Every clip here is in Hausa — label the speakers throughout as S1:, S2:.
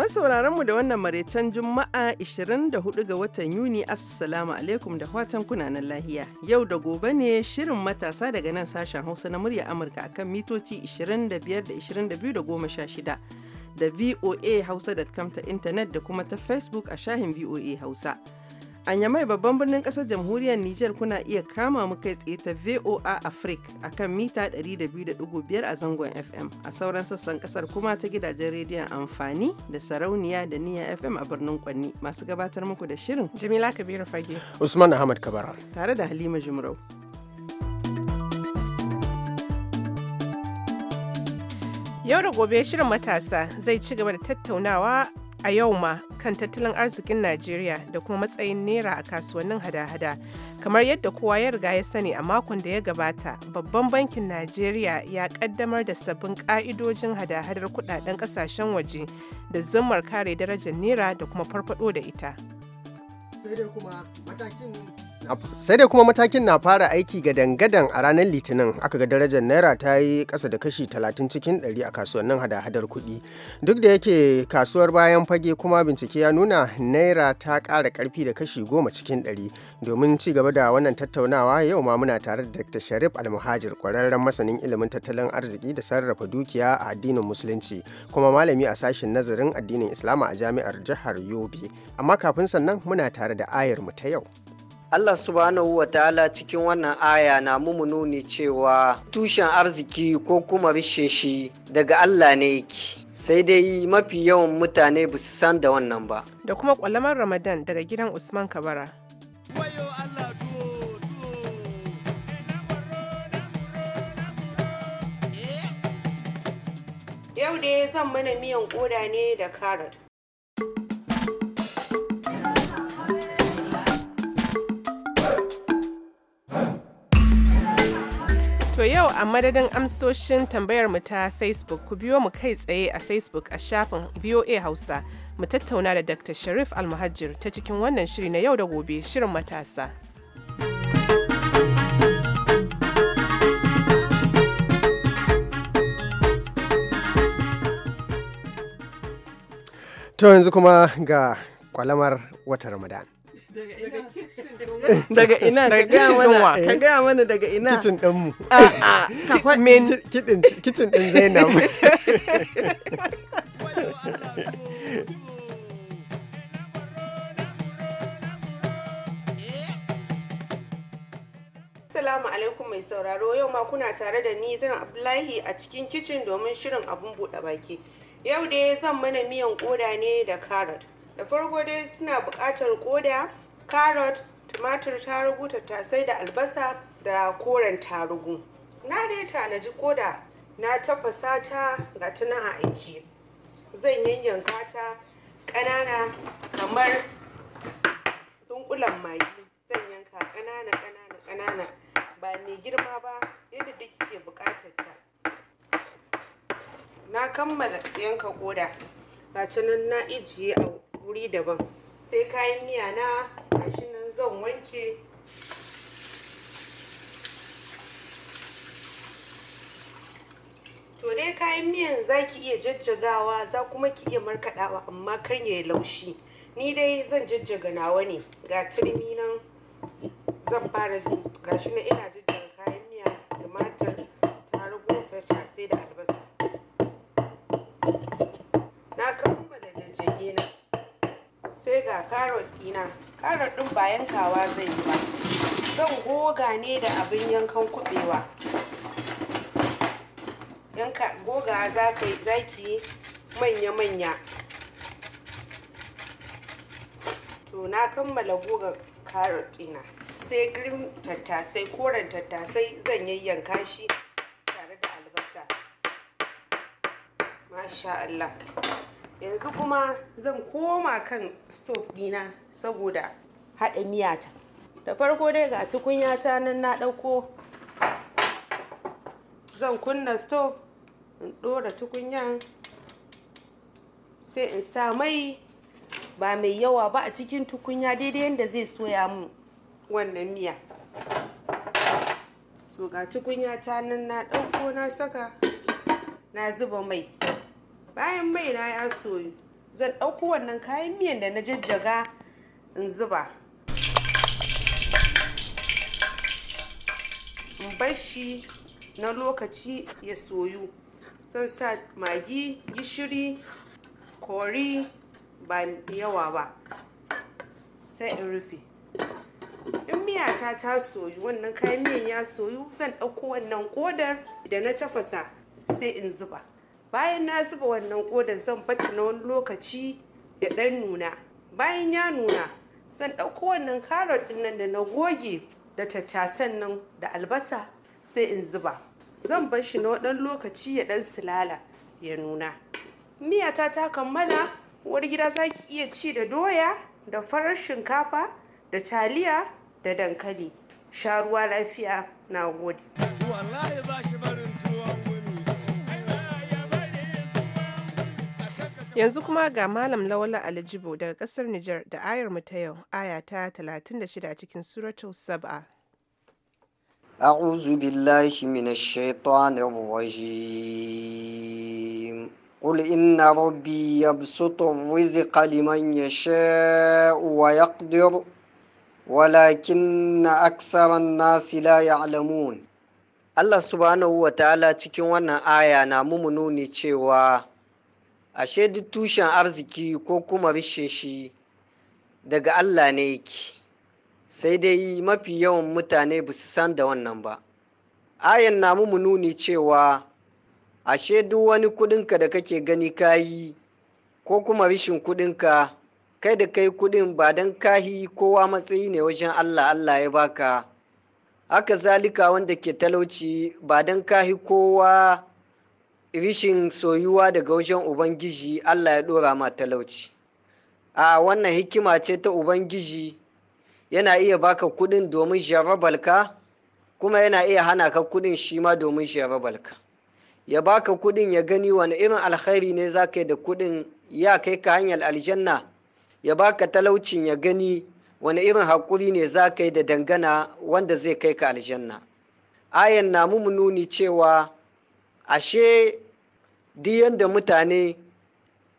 S1: sauraronmu da wannan maraicen Juma'a 24 ga watan Yuni Assalamu alaikum da fatan kunanan lahiya. Yau da gobe ne shirin matasa daga nan sashen Hausa na murya Amurka akan mitoci 25 da 22 da 16 da VOA Hausa.com ta intanet da kuma ta Facebook a shahin VOA Hausa. A Yamai babban birnin kasar jamhuriyar Nijar kuna iya kama mu kai tsaye ta VOA Africa a kan mita 200.5 a zangon FM. A sauran sassan kasar kuma ta gidajen rediyon amfani da sarauniya da niya FM a birnin Kwanni. Masu gabatar muku da shirin. Jamila Kabiru Fage.
S2: Usman Ahmad Kabara.
S1: Tare da Halima jimrau
S3: Yau da gobe shirin matasa zai ci gaba da tattaunawa a yau ma kan tattalin arzikin Najeriya da kuma matsayin nera a kasuwannin hada-hada. Kamar yadda kowa ya riga ya sani a makon da ya gabata, Babban Bankin Najeriya ya kaddamar da sabbin ka'idojin hada-hadar kudaden kasashen waje da zimmar kare darajar nera da kuma farfado da ita.
S2: sai da kuma matakin na fara aiki ga dangadan a ranar litinin aka ga darajar naira ta yi kasa da kashi 30 cikin 100 a kasuwannin hada-hadar kuɗi duk da yake kasuwar bayan fage kuma bincike ya nuna naira ta ƙara ƙarfi da kashi 10 cikin 100 domin ci gaba da wannan tattaunawa yau ma muna tare da dr sharif almuhajir kwararren masanin ilimin tattalin arziki da sarrafa dukiya a addinin musulunci kuma malami a sashen nazarin addinin islama a jami'ar jihar yobe amma kafin sannan muna tare da ayar mu ta yau
S4: Allah subhanahu wa ta'ala cikin wannan aya na mumu nuni cewa tushen arziki ko kuma rishe shi daga Allah ne yake. Sai dai mafi yawan mutane ba su san da wannan ba.
S3: Da kuma kwalamar Ramadan daga gidan Usman Kabara.
S5: Yau dai zan mana miyan koda ne da carrot.
S3: To yau a madadin amsoshin tambayar mu ta Facebook ku biyo mu kai tsaye a Facebook a shafin VOA Hausa mu tattauna da Dr. Sharif Almuhajir ta cikin wannan shiri na yau da gobe shirin matasa.
S2: To yanzu kuma ga kwalamar wata Ramadan. daga ina daga ina ka gaya mana ka eh. gaya mana daga ina kitchen din mu a ah, ah, ka faɗin kitchen kitchen din Zainab
S5: Assalamu alaikum mai sauraro yau ma kuna tare da ni Zainab Abdullahi a cikin kicin domin shirin abun buɗe baki. Yau dai zan mana miyan koda ne da carrot. Da farko dai suna buƙatar koda carrot tumatir tarugu tattasai da albasa da koren tarugu na dai tanaji koda na tafasa ta ga tana a aiki zan yanyanka ta ƙanana kamar dunkulan magi zan yanka ƙanana ƙanana ƙanana ba mai girma ba yadda duk ke buƙatar ta na kammala yanka koda ga na ijiye a wuri daban sai kayan miya na zan wanke to dai kayan miyan za ki iya jajjagawa za kuma ki iya markaɗawa amma kan ya laushi ni dai zan jajjaga nawa ne ga turmi nan zan fara gashi na ina jajjaga kayan miya tumatir karar ɗin ba yankawa zai yi ba zan goga ne da abin yankan kuɓewa yanka goga za ka yi manya-manya to na kammala goga karar ɗina sai girin tattasai koren tattasai zan yayyanka shi tare da albasa masha Allah yanzu kuma zan koma kan stove dina saboda haɗa miyata da farko dai ga tukunyata nan na ɗauko zan kunna stove in ɗora tukunyan sai in sa mai ba mai yawa ba a cikin tukunya daidai yadda zai soya mu wannan miya So ga tukunya ta nan na ɗauko na saka na zuba mai bayan mai na ya soyu zan ɗauko wannan kayan miyan da na jajjaga in zuba in shi na lokaci ya soyu zan sa magi gishiri kori ba yawa ba sai in rufe in miyata ta soyu wannan kayan miyan ya soyu zan ɗauko wannan kodar da na tafasa sai in zuba bayan na zuba wannan kodan zan bata na wani lokaci ya ɗan nuna bayan ya nuna zan ɗauko wannan karot din nan da na goge da tattasan nan da albasa sai in zuba zan bar shi na waɗan lokaci ya ɗan sulala ya nuna miya ta ta kammala Wani gida za ki iya ci da doya da farar shinkafa da taliya da dankali sha ruwa lafiya na gode
S1: wallahi ba shi barin
S5: yanzu kuma
S3: ga malam lawala aljibo daga ƙasar nijar da ayar mu ta yau ayata talatin da shida cikin suratul saba
S4: a ƙunzu billahi mina shaitanin waje ƙul inna rabbi ya bisoto wuzi kaliman ya sha wa walakin na aksarar nasi la alamun Allah subhanahu wa ta'ala cikin wannan aya na mumunu ne cewa ashe duk tushen arziki ko kuma rishin shi daga Allah ne yake sai dai mafi yawan mutane ba su san da wannan ba ayan na mu nuni cewa ashe duk wani kudinka da kake gani kayi ko kuma rishin kudinka kai da kai kudin ba don kahi kowa matsayi ne wajen Allah Allah ya baka haka zalika wanda ke talauci ba don kahi kowa rishin soyuwa daga wajen ubangiji allah ya ɗora ma talauci a wannan hikima ce ta ubangiji yana iya baka kudin domin jarabalka kuma yana iya hana ka kudin shi ma domin jarabalka ya baka kudin ya gani wani irin alkhairi ne za ka yi da kudin ya kai ka hanyar aljanna ya baka talaucin ya gani wani irin haƙuri ne za ka yi da dangana wanda zai kai ka aljanna ayan na mu nuni cewa ashe diyan da mutane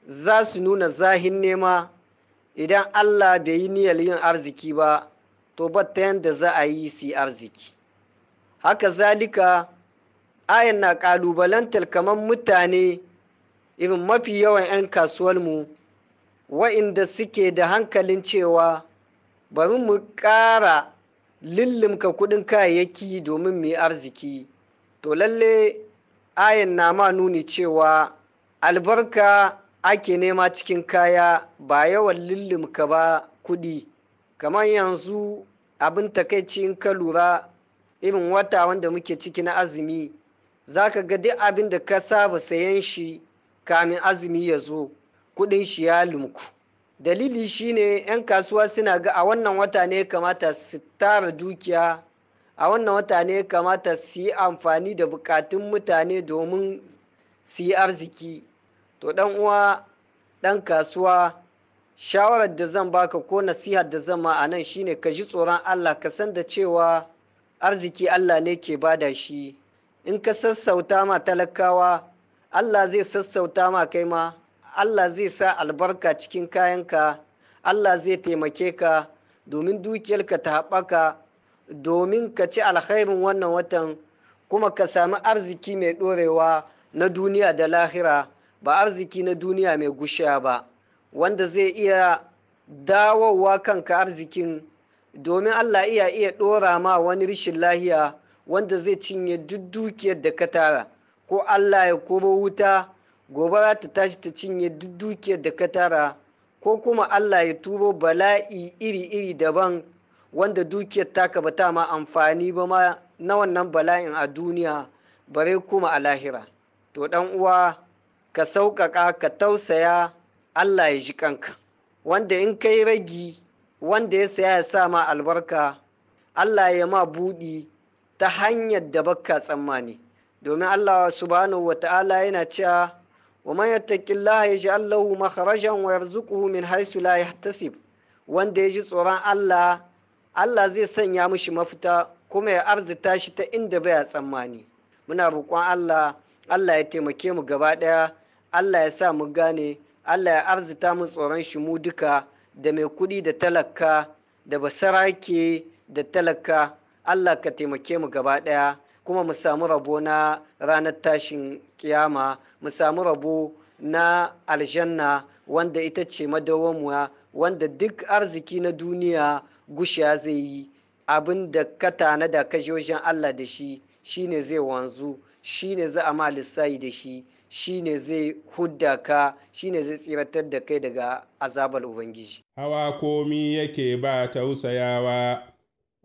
S4: za su nuna zahin nema idan allah bai yi niyyar yin arziki ba to ta yadda za a yi su arziki haka zalika ayan na kalubalantar kamar mutane irin mafi yawan 'yan kasuwarmu wa'inda suke da hankalin cewa bari mu ƙara lullumka kuɗin kayayyaki domin mu arziki to lalle ayan na ma nuni cewa albarka ake nema cikin kaya ba yawan lullumka ba kuɗi kamar yanzu abin takaici in ka lura irin wata wanda muke ciki na azumi za ka ga duk abin da ka saba sayan shi kamin azumi ya zo kuɗin shi ya lumku dalili shine 'yan kasuwa suna ga a wannan wata ne kamata su tara dukiya a wannan wata ne kamata su yi amfani da bukatun mutane domin su yi arziki to dan uwa dan kasuwa shawarar da zan baka ko nasihar da zama a nan shine ka ji tsoron allah ka san da cewa arziki allah ne ke bada shi in ka sassauta ma talakawa allah zai sassauta ma kai ma allah zai sa albarka cikin kayanka allah zai taimake ka domin dukiyarka ta haɓaka domin ka ci alkhairin wannan watan kuma ka sami arziki mai ɗorewa na duniya da lahira ba arziki na duniya mai gushiya ba wanda zai iya dawowa kanka arzikin domin allah iya iya ɗora ma wani rishin lahiya wanda zai cinye duk dukiyar da ka tara ko allah ya koro wuta gobara ta tashi ta cinye duk dukiyar da ka tara ko kuma allah ya turo bala'i iri-iri daban wanda dukiyar taka ba ta ma amfani ba ma na wannan bala'in a duniya bare kuma a lahira to dan uwa ka sauƙaƙa ka tausaya allah ya ji kanka wanda in kai ragi wanda ya saya ya sa ma albarka allah ya ma buɗi ta hanyar da baka tsammani domin allah subhanahu wa ta'ala yana cewa wa man yattaqillaha yaj'al lahu makharajan wa yarzuquhu min haythu la yahtasib wanda ya ji tsoron allah Allah zai sanya mushi mafita kuma ya arzita shi ta inda baya tsammani muna roƙon Allah Allah ya taimake mu gaba ɗaya Allah ya sa mu gane Allah ya arzita mu tsoron shi mu duka da mai kuɗi da talaka da basarake da talaka Allah ka taimake mu gaba ɗaya kuma mu samu rabo na ranar tashin kiyama mu samu rabo na aljanna wanda ita ce madawwamuwa wanda duk arziki na duniya gushiya zai yi abin da ka tana da kashoshin Allah da shi shine zai wanzu shine za a ma lissayi da shi shine zai hudda ka shine zai tsiratar da kai daga azabar ubangiji
S6: hawa komi yake ba tausayawa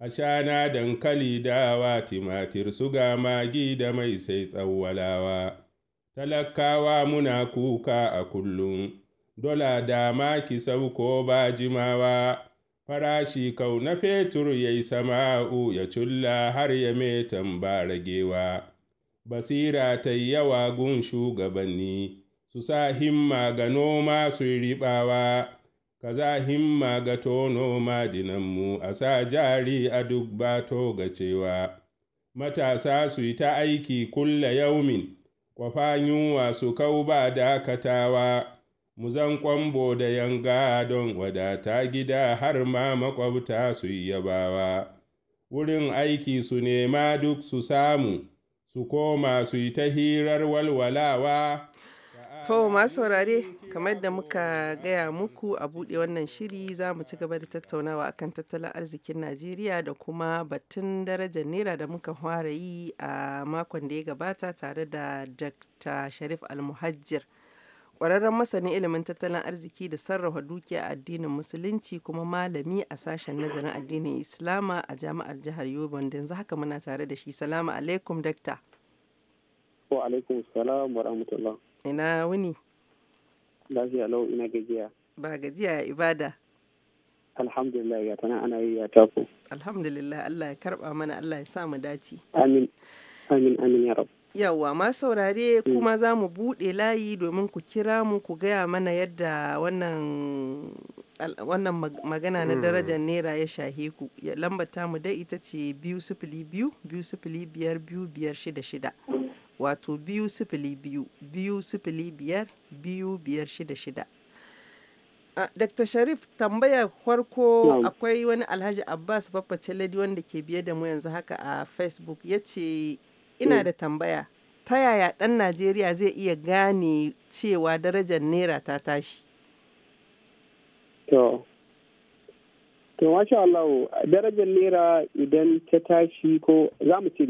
S6: A shana dankali dawa timatir suga magi da mai sai tsawwalawa talakawa muna kuka a kullum dola dama ki sauko ba jimawa farashi kau na fetur ya yi sama'u ya culla har ya metan ba ragewa basira ta yi yawa gun shugabanni su sa himma ga noma su riɓawa ka za himma ga tono madinanmu a sa jari a duk bato ga cewa matasa su yi ta aiki kulla yaumin kwafa yunwa su kau ba dakatawa Mu zan kwambo da yanga don wadata gida har ma makwabta su yabawa, wurin aiki su nema duk su samu, su koma su yi ta hirar walwalawa. To masu saurare kamar da muka
S1: gaya muku a buɗe wannan shiri za mu ci gaba da tattaunawa akan tattalin arzikin Najeriya da kuma batun darajar Naira da muka fara yi a makon da ya gabata tare da Dr. Sharif Almuhajjir. Kwararren masanin ilimin tattalin arziki da sarrafa dukiya a addinin Musulunci kuma malami a sashen nazarin addinin Islama a jami'ar jihar Yobe yanzu haka muna tare da shi. Salamu alaikum dakta.
S7: Wa alaikum salam wa rahmatullah.
S1: Ina wuni.
S7: Lafiya lau ina gajiya.
S1: Ba gajiya ya ibada.
S7: Alhamdulillah ya tana ana yi ya tafi.
S1: Alhamdulillah Allah ya karba mana Allah ya sa mu dace.
S7: Amin. Amin amin ya rabu.
S1: Yawwa ma saurare eh. kuma za mu buɗe layi domin ku kira mu ku gaya mana yadda wannan magana na mm. darajar naira ya shahe ku ya lambata mu dai ita ce biyu sifili biyu biyu sifili biyar biyu biyar shida shida wato biyu sifili biyu biyu sifili biyar biyu biyar shida shida Dr. Sharif tambayar farko akwai wani Alhaji Abbas babba Chaladi wanda ke biye da mu yanzu haka a Facebook ya ce ina da tambaya ta yaya ɗan Najeriya zai iya gane cewa darajar naira ta tashi?
S7: To, masha darajar naira idan ta tashi ko za mu ce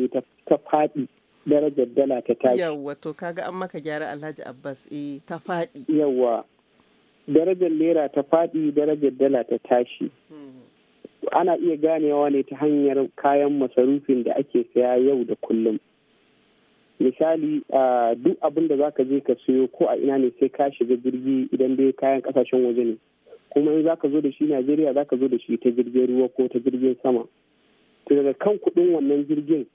S7: ta faɗi darajar dala ta tashi.
S1: Yawwa to kaga an maka gyara Alhaji Abbas eh ta faɗi.
S7: Yawwa darajar naira ta faɗi darajar dala ta tashi. Hmm. Ana iya ganewa ne ta hanyar kayan masarufin da ake saya yau da kullum. misali duk abin da zaka je ka siyo ko a ina ne sai ka shiga jirgi idan dai kayan kasashen waje ne kuma in zaka zo da shi najeriya zaka zo da shi ta jirgin ruwa ko ta jirgin sama to daga kan kudin wannan jirgin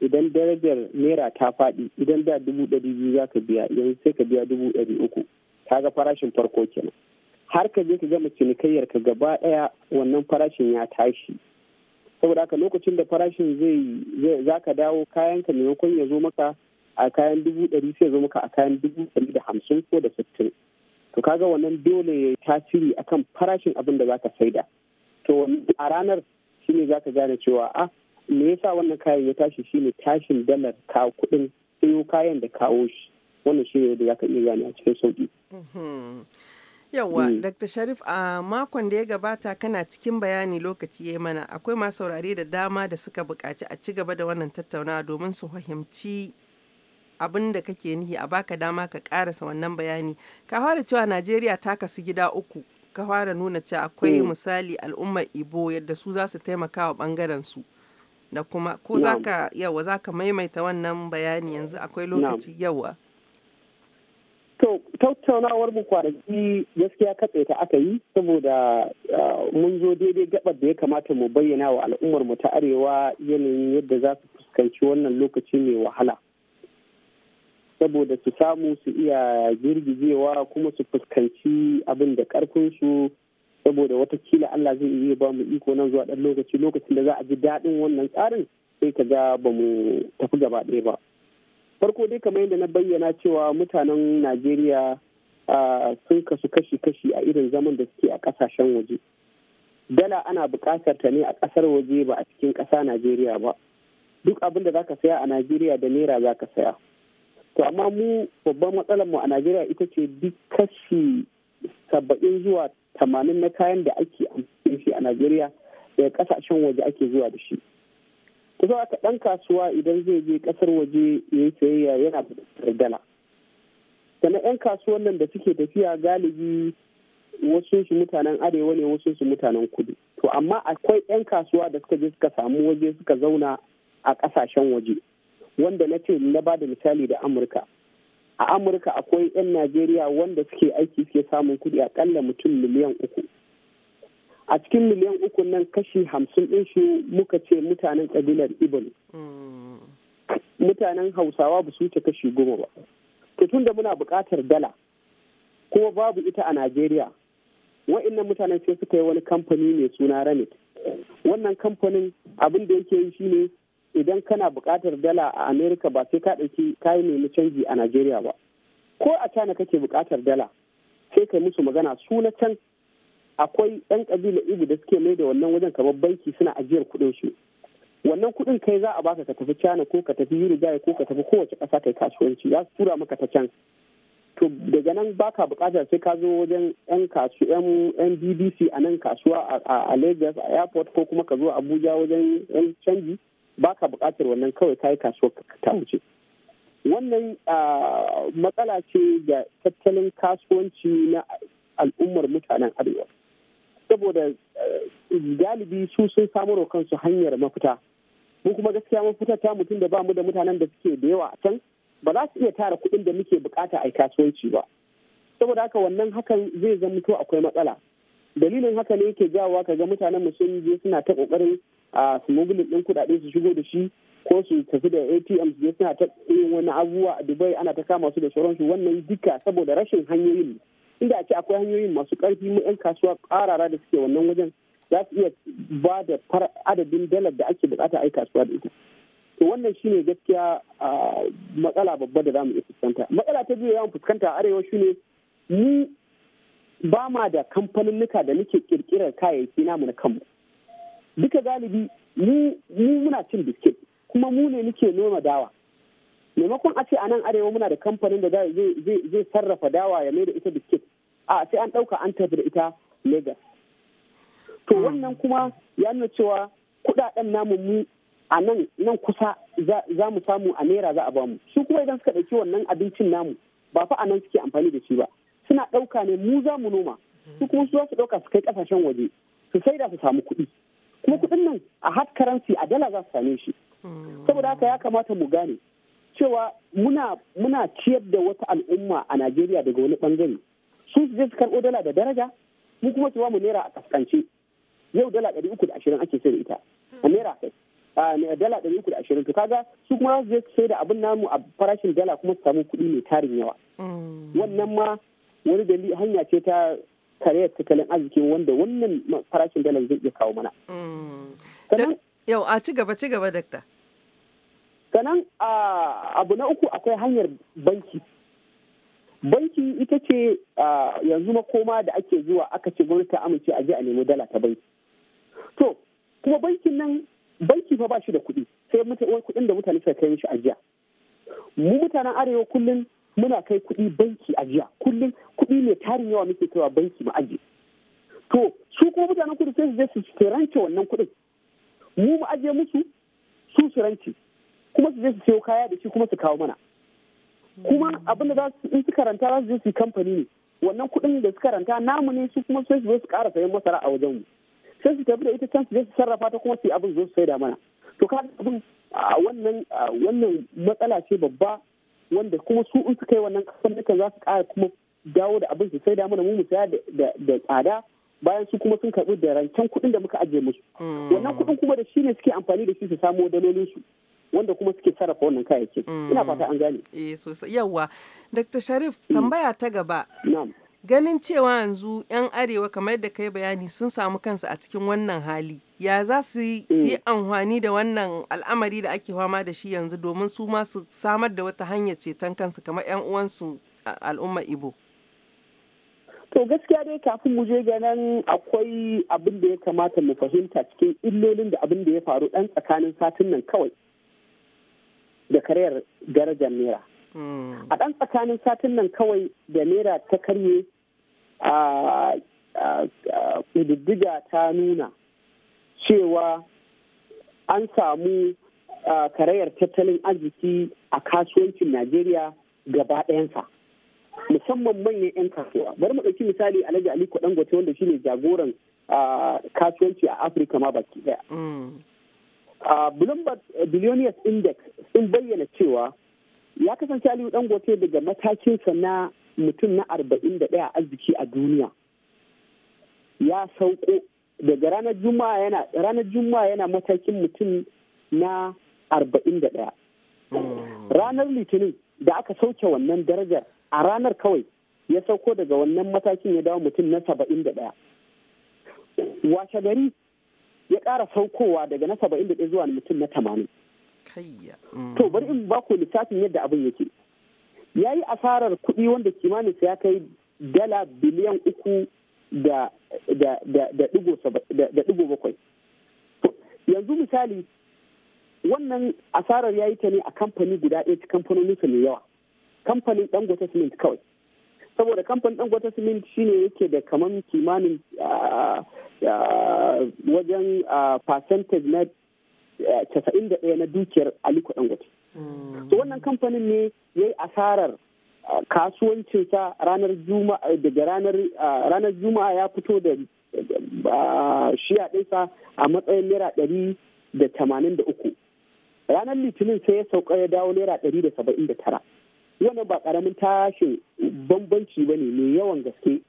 S7: idan darajar naira ta faɗi idan da dubu ɗari biyu zaka biya yanzu sai ka biya dubu ɗari uku ga farashin farko kenan har ka je ka gama cinikayyar ka gaba ɗaya wannan farashin ya tashi saboda haka lokacin da farashin zai za ka dawo kayanka maimakon ya zo maka a kayan dubu ɗari sai ya zo maka a kayan dubu ɗari da hamsin ko da sittin to kaga wannan dole ya tasiri akan farashin abin da zaka saida to a ranar shine zaka gane cewa a ah, me yasa wannan kayan ya tashi shine tashin dalar ka kuɗin sayo kayan da kawo shi wannan shi ne da zaka iya gane a cikin sauki
S1: mm-hmm. Yawa, mm. Dr. Sharif a makon da ya gabata kana cikin bayani lokaci ya mana akwai masu saurare da dama da suka bukaci a ci gaba da wannan tattaunawa domin su fahimci abin da kake nihi a baka dama ka karasa wannan bayani. Ka fara cewa Najeriya ta kasu gida uku. Ka fara nuna cewa akwai mm. misali al'ummar Ibo yadda su za su taimaka wa bangaren su. Da kuma ko zaka yawa zaka maimaita wannan bayani yanzu
S7: akwai lokaci yawa. tattaunawar mu kwanaki gaskiya katse ta aka yi saboda ah, mun zo daidai gaɓar da ya kamata mu bayyana wa al'ummar mu ta arewa yanayin yadda za su fuskanci wannan lokaci mai wahala saboda su samu su iya girgijewa kuma su fuskanci abin da karfinsu saboda watakila Allah zai iya ba mu iko nan zuwa ɗan lokaci lokacin da za a ji daɗin wannan tsarin sai ka ga ba mu tafi gaba ɗaya ba. farko dai kamar yadda na bayyana cewa mutanen najeriya sun kasu kashi-kashi a irin zaman da suke a kasashen waje dala ana buƙatar ta ne a ƙasar waje ba a cikin ƙasa najeriya ba duk abin da ka saya a najeriya da naira zaka saya to amma mu babban matsalar mu a najeriya ita ce duk kashi saba'in zuwa tamanin na kayan da ake amfani shi a najeriya daga ƙasashen waje ake zuwa da shi kusa aka ɗan kasuwa idan zai je ƙasar waje ya yi sayayya yana buƙatar dala sannan 'yan kasuwan nan da suke tafiya galibi wasu su mutanen arewa ne wasu su mutanen kudu to amma akwai 'yan kasuwa da suka je suka samu waje suka zauna a ƙasashen waje wanda na ce na ba da misali da amurka a amurka akwai 'yan najeriya wanda suke aiki suke samun kuɗi akalla mutum miliyan uku a cikin miliyan uku nan kashi hamsin ɗin shi muka ce mutanen ƙabilar ibon mutanen hausawa ba su ce kashi goma ba to tun da muna buƙatar dala kuma babu ita a najeriya wa'annan mutanen sai suka yi wani kamfani mai suna ramit wannan kamfanin abin da yake yi shine idan kana buƙatar dala a amerika ba sai ka ɗauki kayan nemi canji a najeriya ba ko a cana kake buƙatar dala sai kai musu magana su can akwai 'yan kabilar ibu da suke mai da wannan wajen kamar banki suna ajiyar kuɗin su wannan kuɗin kai za a baka ka tafi cana ko ka tafi uruguay ko ka tafi kowace ƙasa kai kasuwanci za su tura maka ta can to daga nan baka bukatar sai ka zo wajen yan kasu yan bbc a nan kasuwa a lagos a airport ko kuma ka zo abuja wajen yan canji baka buƙatar wannan kawai kayi kasuwar ta wuce wannan matsala ce ga tattalin kasuwanci na al'ummar mutanen arewa saboda eh, galibi su sun samu kansu hanyar mafita mu kuma gaskiya mafita ta mutum da ba mu da mutanen da suke da yawa a can ba za su iya tara kuɗin da muke bukata a kasuwanci ba saboda haka wannan hakan zai zamto akwai matsala dalilin haka ne yake jawowa kaga mutanen mu sun je suna ta kokarin a smuggling din kudaden su shigo da shi ko su tafi da ATM su je suna ta yin wani abubuwa a Dubai ana ta kama su da sauransu wannan duka saboda rashin hanyoyin inda a akwai hanyoyin masu ƙarfi mu 'yan kasuwa ƙarara da suke wannan wajen za su iya ba da adadin dalar da ake bukata a yi kasuwa da ita to wannan shine gaskiya a matsala babba da zamu iya fuskanta matsala ta biyu zamu fuskanta a arewa shine mu ba ma da kamfaninnika da muke kirkirar kayayyaki namu na kanmu duka galibi mu muna cin biskit kuma mu ne muke noma dawa maimakon a ce a nan arewa muna da kamfanin da zai sarrafa dawa ya mai da ita biskit a sai an ɗauka an tafi da ita Legas. To hmm. wannan kuma ya nuna cewa kuɗaɗen namu mu a nan nan kusa za mu samu a naira za a bamu. Su kuma idan suka ɗauki wannan abincin namu ba fa a nan suke amfani da shi ba. Suna ɗauka ne mu za mu noma. Su kuma su za su ɗauka su kai ƙasashen waje su sai da su samu kuɗi. Kuma hmm. kuɗin nan a hard currency a dala za su same shi. Hmm. Saboda haka ya kamata mu gane cewa muna muna ciyar da wata al'umma a Najeriya daga wani ɓangare su su je su karɓo dala da daraja mu kuma su mu naira a kaskance yau dala ɗari uku da ashirin ake sai da ita a naira kai dala ɗari uku da ashirin to kaga su kuma zai sai da abin namu a farashin dala kuma su samu kuɗi mai tarin yawa mm. wannan ma wani dali hanya ce ta kare tattalin arzikin wanda wannan farashin dala zai iya kawo mana mm.
S1: yau a ci gaba ci gaba dakta
S7: sannan abu na uku akwai hanyar banki banki ita ce yanzu makoma da ake zuwa aka ce gwamnati ta amince a je a nemi dala ta banki to kuma bankin nan banki fa ba shi da kuɗi sai mutane kuɗin da mutane suka kai a ajiya mu mutanen arewa kullum muna kai kuɗi banki ajiya kullum kuɗi ne tarin yawa muke kaiwa banki mu ajiye to su kuma mutanen kudu sai su je su rance wannan kuɗin mu mu ajiye musu su su rance kuma su je su sayo kaya da shi kuma su kawo mana kuma abin da za su in su karanta za su je kamfani ne wannan kuɗin da su karanta namu ne su kuma sai su su ƙara sayan masara a wajen mu sai su tafi da ita can su je su sarrafa ta kuma su yi abin zo su saida mana to ka abin wannan wannan matsala ce babba wanda kuma su in su kai wannan kasan duka za su ƙara kuma dawo da abin su saida mana mu mu saya da tsada bayan su kuma sun karɓi da rancen kuɗin da muka ajiye musu mm. wannan kuɗin kuma da shi ne suke amfani da shi su samu dalolin su wanda kuma suke sarrafa wannan kayayyakin mm. ina fata an gane eh
S1: sosai yawa dr sharif mm. tambaya ta gaba
S7: ganin cewa yanzu
S1: 'yan arewa kamar yadda ka yi bayani sun samu kansu a cikin wannan hali ya za su yi mm. amfani da wannan al'amari da ake fama da shi yanzu domin su ma su samar da wata hanyar ceton kansu kamar 'yan uwansu al'umma ibo
S7: to gaskiya dai kafin mu je ganin akwai abin da ya kamata mu fahimta cikin illolin da abin da ya faru dan tsakanin satin nan kawai da karyar darajar naira hmm. a ɗan tsakanin satin nan kawai da naira ta karye a ƙididdiga ta nuna cewa an samu karayar tattalin arziki a kasuwancin najeriya gaba ɗayansa musamman manyan 'yan kasuwa bari mu ɗauki misali alhaji aliko dangote wanda shi ne jagoran kasuwanci a afirka ma baki ɗaya hmm. a bloomberg eh, billionaires index sun bayyana cewa ya kasance aliyu dangote daga matakinsa na mutum na arba'in da arziki a duniya ya sauko daga ranar juma'a yana ranar juma'a yana matakin mutum na arba'in da ɗaya ranar litinin da aka sauke wannan darajar a ranar kawai ya sauko daga wannan matakin ya dawo mutum na saba'in da washe gari ya ƙara saukowa daga na saba'in da ɗaya zuwa mutum na tamanin.
S1: To mm.
S7: bari in ba ku lissafin yadda abin yake. Ya yi asarar kuɗi wanda kimanin ya kai dala biliyan uku da ɗigo bakwai. Yanzu misali wannan asarar ya yi ta ne a kamfani guda ɗaya ta kamfanoninsa mai yawa. Kamfanin Dangote Cement kawai. Saboda kamfanin Dangote Cement shine yake da kamar kimanin ah, wajen percentage na casa'in da ɗaya na dukiyar aliko dangote to hmm. wannan kamfanin ne ya yi asarar kasuwancinsa ranar juma'a daga ranar juma'a ya fito da shiya ɗinsa a matsayin naira ɗari da tamanin da uku ranar litinin sai ya sauka ya dawo naira ɗari da saba'in da tara wannan ba ƙaramin tashin bambanci ba ne mai yawan gaske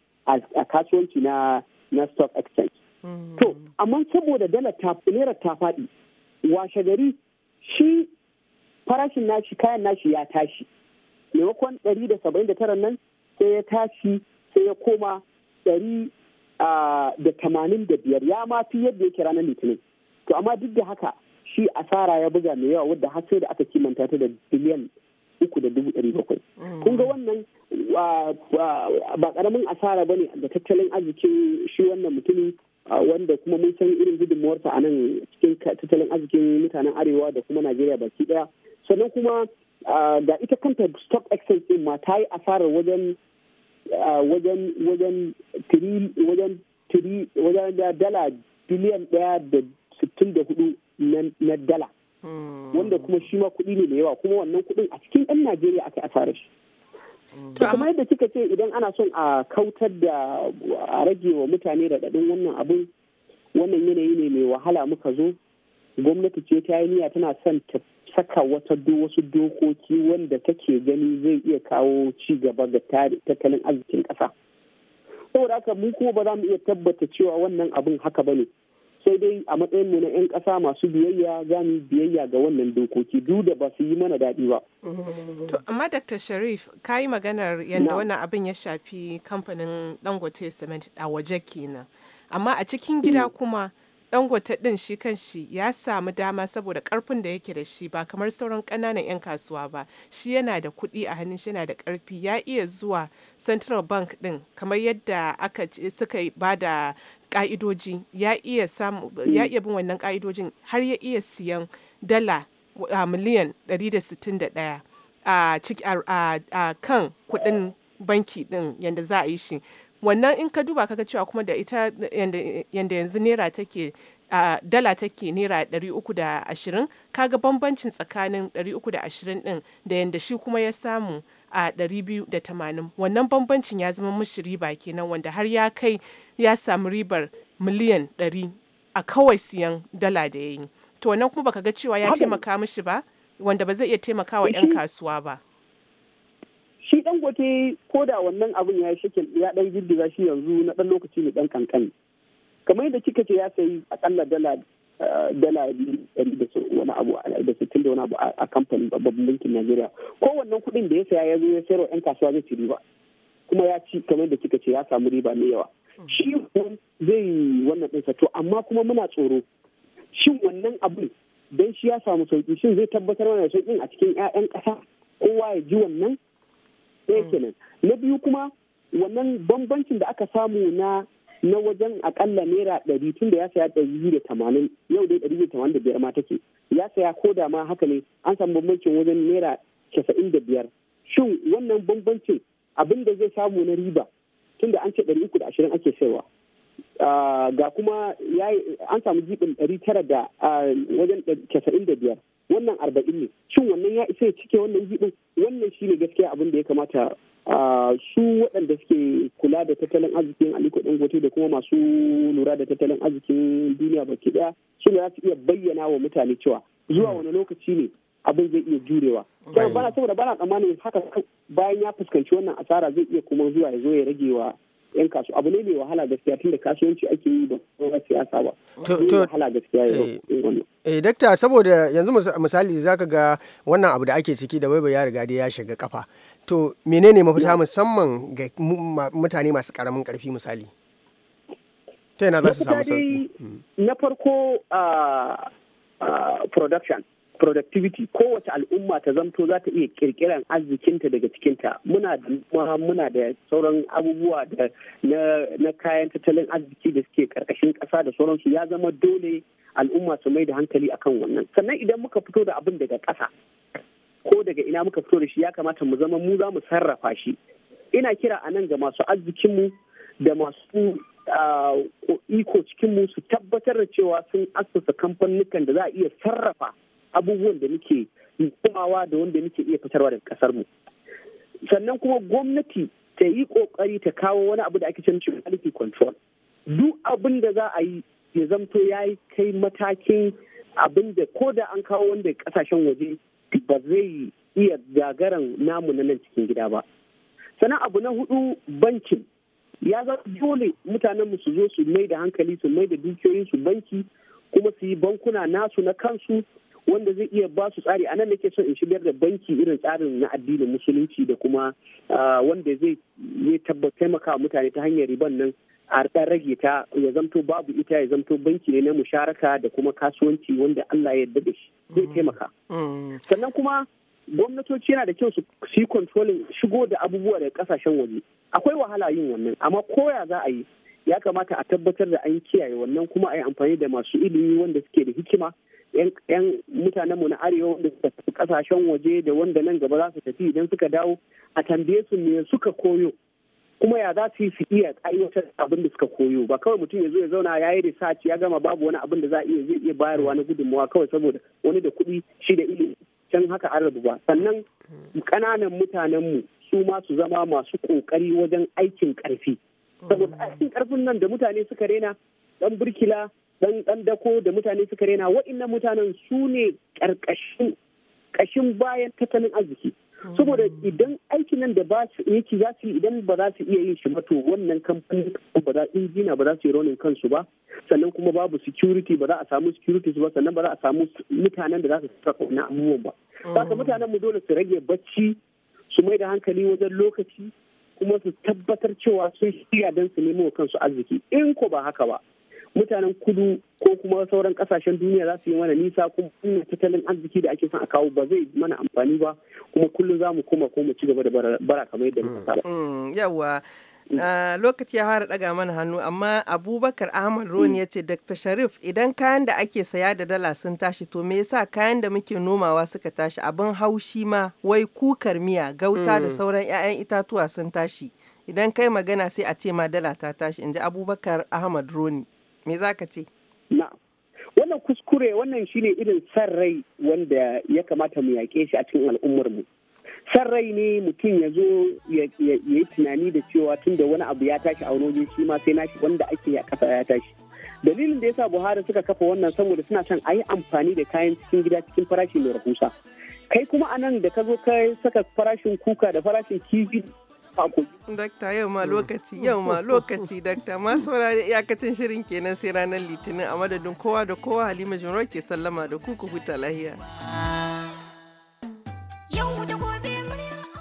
S7: a kasuwanci na stock exchange To, amma saboda dala ta naira ta faɗi, washe gari shi farashin nashi kayan nashi ya tashi. Maimakon ɗari da saba'in da tara nan sai ya tashi sai ya koma ɗari da tamanin da biyar ya ma fi yadda yake ranar litinin. To amma duk da haka shi asara ya buga mai yawa wadda har sai da aka kimanta ta da biliyan uku da dubu ɗari bakwai. Mm. Kun ga wannan ba ƙaramin asara ba ne da tattalin arzikin shi wannan mutumin wanda kuma mun san irin gudunmawarsa a nan cikin tattalin arzikin mutanen arewa da kuma najeriya baki daya sannan kuma da ita kanta stock exchange din ma ta yi asarar wajen wajen wajen wajen wajen da dala biliyan daya da sittin da hudu na dala hmm. wanda kuma shi ma kuɗi ne da yawa kuma wannan kuɗin a cikin 'yan najeriya aka asarar shi To kamar yadda kika ce idan ana son a kautar da a rage wa mutane raɗaɗin wannan abun wannan yanayi ne mai wahala muka zo gwamnati ce ta yi tana son ta saka wata wasu dokoki wanda take gani zai iya kawo ci gaba ga tattalin arzikin ƙasa. saboda haka mu kuma ba za mu iya tabbata cewa wannan abin haka ba ne sai dai a matsayin mu na 'yan ƙasa masu biyayya za mu biyayya ga wannan dokoki duk da ba su yi mana daɗi ba.
S3: To amma Dr. Sharif ka yi maganar yadda wannan abin ya shafi kamfanin Dangote Cement a waje kenan. Amma a cikin gida mm. kuma dangote din shi kan shi ya samu dama saboda karfin da yake da shi ba kamar sauran kananan 'yan kasuwa ba shi yana da kuɗi a hannun shi yana da karfi ya iya zuwa central bank din kamar yadda aka suka ba da ka'idoji ya iya bin wannan ka'idojin har ya iya siyan dala miliyan 161 a kan kuɗin banki din yadda za a yi shi wannan in ka duba kaga cewa kuma da ita yanda yanzu naira take Uh, dala take naira 320 kaga bambancin tsakanin 320 din da yanda shi kuma ya samu a 280 wannan bambancin ya zama mishi riba kenan wanda har ya kai ya samu ribar miliyan 100 a kawai siyan dala da ya yi to wannan kuma baka ga cewa ya taimaka mishi ba wanda ba zai iya taimakawa 'yan kasuwa ba
S7: dangote ko da wannan abin ya shakin ya dan girgiza shi yanzu na dan lokaci ne dan kankan kamar yadda kika ce ya sayi akalla dala eh, dala biyu da wani abu eh, da sittin da wani abu a kamfanin babban bankin Najeriya wannan kuɗin da ya saya ya zo ya sayarwa 'yan kasuwa zai ci riba kuma ya ci kamar da kika ce ya samu riba mai yawa shi zai yi wannan ɗinsa sato amma kuma muna tsoro shin wannan abin don shi ya samu sauki shin zai tabbatar mana sauƙin a cikin 'ya'yan ƙasa kowa ya ji wannan ɗaya mm. kenan na biyu kuma wannan bambancin da aka samu na na wajen akalla naira ɗari tun da ya saya ɗari da tamanin yau dai ɗari da tamanin da biyar ma take ya saya ko da ma haka ne an samu bambancin wajen naira casa'in da biyar shin wannan bambancin abin da zai samu na riba tun da an ce ɗari uku da ashirin ake saiwa ga kuma an samu jibin ɗari tara da wajen casa'in da biyar wannan arba'in ne shin wannan ya isa ya cike wannan gibin wannan shi ne gaskiya abin da ya kamata su waɗanda suke kula da tattalin arzikin aliko dangote da kuma masu lura da tattalin arzikin duniya baki ɗaya su ne za su iya bayyana wa mutane cewa zuwa hmm. wani lokaci ne abin zai iya jurewa hmm. bana saboda bana tsammanin haka bayan ya fuskanci wannan asara zai iya kuma zuwa ya zo ya rage wa yan kasuwa abu ne mai wahala gaskiya tunda kasuwanci ake yi da kuma siyasa ba to wahala gaskiya yau eh,
S2: eh dakta saboda yanzu misali zaka ga wannan abu da ake ciki da baiba ya riga da ya shiga kafa to menene mafita musamman ga mutane masu karamin karfi misali
S7: ta yana za su samu sauki mm. na farko ah, ah, production productivity kowace al'umma ta zamto za ta iya kirkiran arzikinta daga cikinta muna da muna da sauran abubuwa da na kayan tattalin arziki da suke karkashin ƙasa da sauransu ya zama dole al'umma su mai da hankali akan wannan sannan idan muka fito da abin daga ƙasa ko daga ina muka fito da shi ya kamata mu zama mu za mu sarrafa shi ina kira a nan ga masu arzikinmu da masu iko cikinmu su tabbatar da cewa sun asusa kamfanin da za a iya sarrafa abubuwan da muke kumawa da wanda muke iya fitarwa daga kasar mu sannan kuma gwamnati ta yi kokari ta kawo wani abu da ake cin quality control duk abin da za a yi ya zamto ya yi kai matakin abin da ko da an kawo wanda kasashen waje ba zai iya gagaran namu na nan cikin gida ba sannan abu na hudu bankin ya zama dole mutanenmu su zo su mai da hankali su mai da dukiyoyin su banki kuma su yi bankuna nasu na kansu wanda zai iya ba su tsari a nan nake son in shigar da banki irin tsarin na addinin musulunci da kuma wanda zai taimaka taimaka mutane ta hanyar riban nan a ɗan rage ta ya zamto babu ita ya zamto banki ne na musharaka da kuma kasuwanci wanda Allah ya yarda da shi zai mm. taimaka mm. sannan kuma gwamnatoci yana da kyau su yi controlling shigo da abubuwa daga kasashen waje akwai wahala yin wannan amma koya za a yi ya kamata a tabbatar da an kiyaye wannan kuma a yi amfani da masu ilimi wanda suke da hikima yan mutanen na arewa wanda suka tafi kasashen waje da wanda nan gaba za su tafi idan suka dawo a tambaye su me suka koyo kuma ya za su yi su iya aiwatar abin da suka koyo ba kawai mutum ya zo ya zauna ya yi research ya gama babu wani abin da za iya zai iya bayarwa na gudunmawa kawai saboda wani da kuɗi shi da ilimi can haka an ba sannan kananan mutanen mu su ma su zama masu ƙoƙari wajen aikin karfi saboda aikin ƙarfin nan da mutane suka rena dan burkila dan dan dako da mutane suka rena wa'innan mutanen su ne karkashin kashin bayan tattalin arziki saboda idan aikin nan da ba su yi za su idan ba za su iya yin shi ba to wannan kamfanin ba za injina ba za su yi ronin kansu ba sannan kuma babu security ba za a samu security ba sannan ba za a samu mutanen da za su saka wannan abubuwan ba saka mutanen mu dole su rage bacci su mai da hankali wajen lokaci kuma su tabbatar cewa sun shirya don su nemo kansu arziki in ko ba haka ba mutanen kudu ko kuma sauran kasashen duniya za su yi mana nisa kuma tattalin arziki da ake son a kawo ba zai mana amfani ba kuma kullum za mu koma ko mu ci gaba da bara kamar yadda muka saba. Mm,
S1: mm, yawa lokaci ya fara daga mana hannu amma abubakar ahmad roni ya ce dr sharif idan kayan da ake saya da dala sun tashi to me yasa kayan da muke nomawa suka tashi abin haushi ma wai kukar miya gauta da mm. sauran 'ya'yan itatuwa sun tashi idan kai magana sai a ce ma dala ta tashi in ji abubakar
S7: ahmad roni
S1: me za ka ce
S7: na wannan kuskure wannan shine irin san rai wanda ya kamata mu yaƙe shi a cikin al'ummarmu san rai ne mutum ya zo ya yi tunani da cewa tun da wani abu ya tashi a wani shi ma sai nashi wanda ake ya ƙasa ya tashi dalilin da yasa buhari suka kafa wannan saboda suna son a yi amfani da kayan cikin gida cikin farashi mai rahusa kai kuma a nan da ka zo ka saka farashin kuka da farashin kifi
S1: Dakta yau ma lokaci yau lokaci dakta masu saurari iyakacin shirin kenan sai ranar litinin a madadin kowa da kowa Halima Jumro ke sallama
S7: da ku ku huta lahiya.